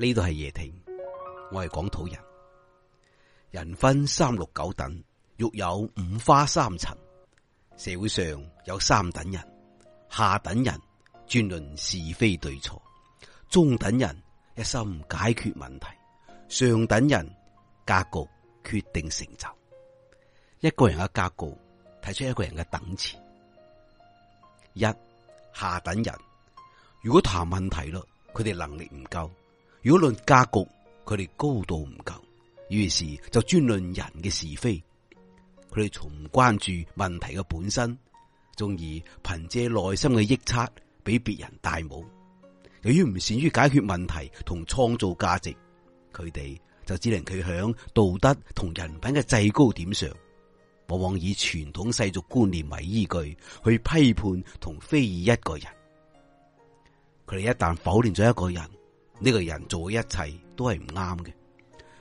呢度係夜聽，我係港土人。人分三六九等，欲有五花三層。社會上有三等人：下等人專論是非對錯，中等人一心解決問題，上等人格局決定成就。一個人嘅格局睇出一個人嘅等次。一下等人，如果談問題咯，佢哋能力唔夠。如果論格局，佢哋高度唔夠，於是就專論人嘅是非，佢哋從唔關注問題嘅本身，仲而憑借內心嘅臆測，俾別人帶帽。由於唔善於解決問題同創造價值，佢哋就只能企響道德同人品嘅制高點上，往往以傳統世俗觀念為依據去批判同非議一個人。佢哋一旦否定咗一個人。呢個人做嘅一切都係唔啱嘅，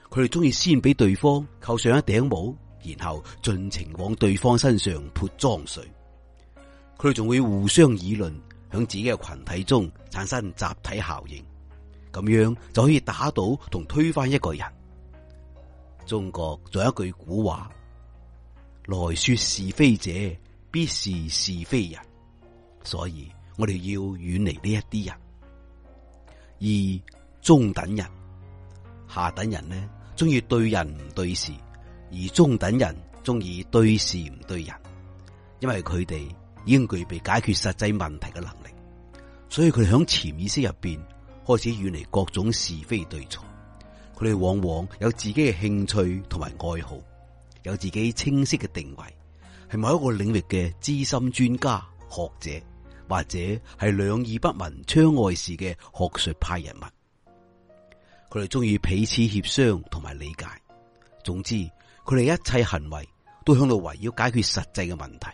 佢哋中意先俾對方扣上一頂帽，然後盡情往對方身上潑髒水。佢哋仲會互相議論，響自己嘅群體中產生集體效應，咁樣就可以打倒同推翻一個人。中國仲有一句古話：來說是非者，必是是非人。所以我哋要遠離呢一啲人。二、中等人。下等人呢，中意對人唔對事；而中等人中意對事唔對人，因為佢哋已經具備解決實際問題嘅能力，所以佢哋響潛意識入邊開始遠離各種是非對錯。佢哋往往有自己嘅興趣同埋愛好，有自己清晰嘅定位，係某一個領域嘅資深專家學者，或者係兩耳不聞窗外事嘅學術派人物，佢哋中意彼此協商同埋理解。總之，佢哋一切行為都響度圍繞解決實際嘅問題。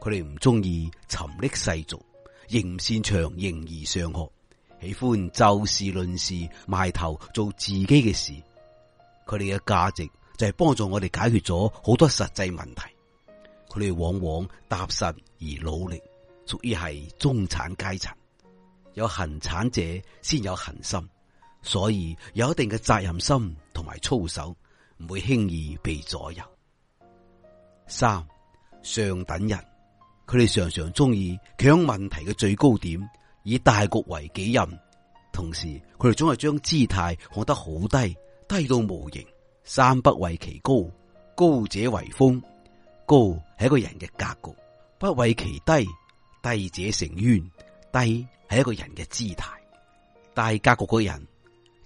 佢哋唔中意沉溺世俗，仍擅長形而上學，喜歡就事論事，埋頭做自己嘅事。佢哋嘅價值就係幫助我哋解決咗好多實際問題。佢哋往往踏實而努力。屬於係中產階層，有恒產者先有恒心，所以有一定嘅責任心同埋操守，唔會輕易被左右。三上等人，佢哋常常中意搶問題嘅最高點，以大局為己任，同時佢哋總係將姿態看得好低，低到無形。三不為其高，高者為峰，高係一個人嘅格局，不為其低。低者成淵，低係一個人嘅姿態。大格局個人，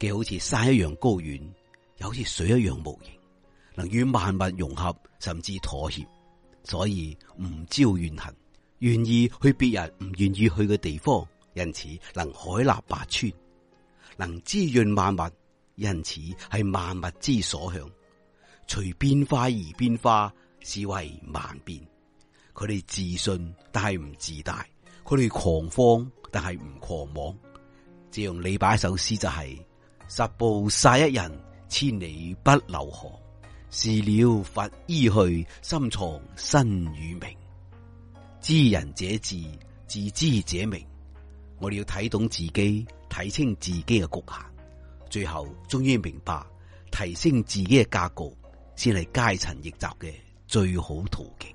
既好似山一樣高遠，又好似水一樣無形，能與萬物融合，甚至妥協，所以唔招怨恨，願意去別人唔願意去嘅地方，因此能海納百川，能滋潤萬物，因此係萬物之所向，隨變化而變化，是為萬變。佢哋自信，但係唔自大；佢哋狂放，但係唔狂妄。借用李白一首詩就係、是：十步殺一人，千里不留行。事了拂衣去，深藏身與名。知人者智，自知，知者明。我哋要睇懂自己，睇清自己嘅局限，最後終於明白，提升自己嘅格局，先係階層逆襲嘅最好途徑。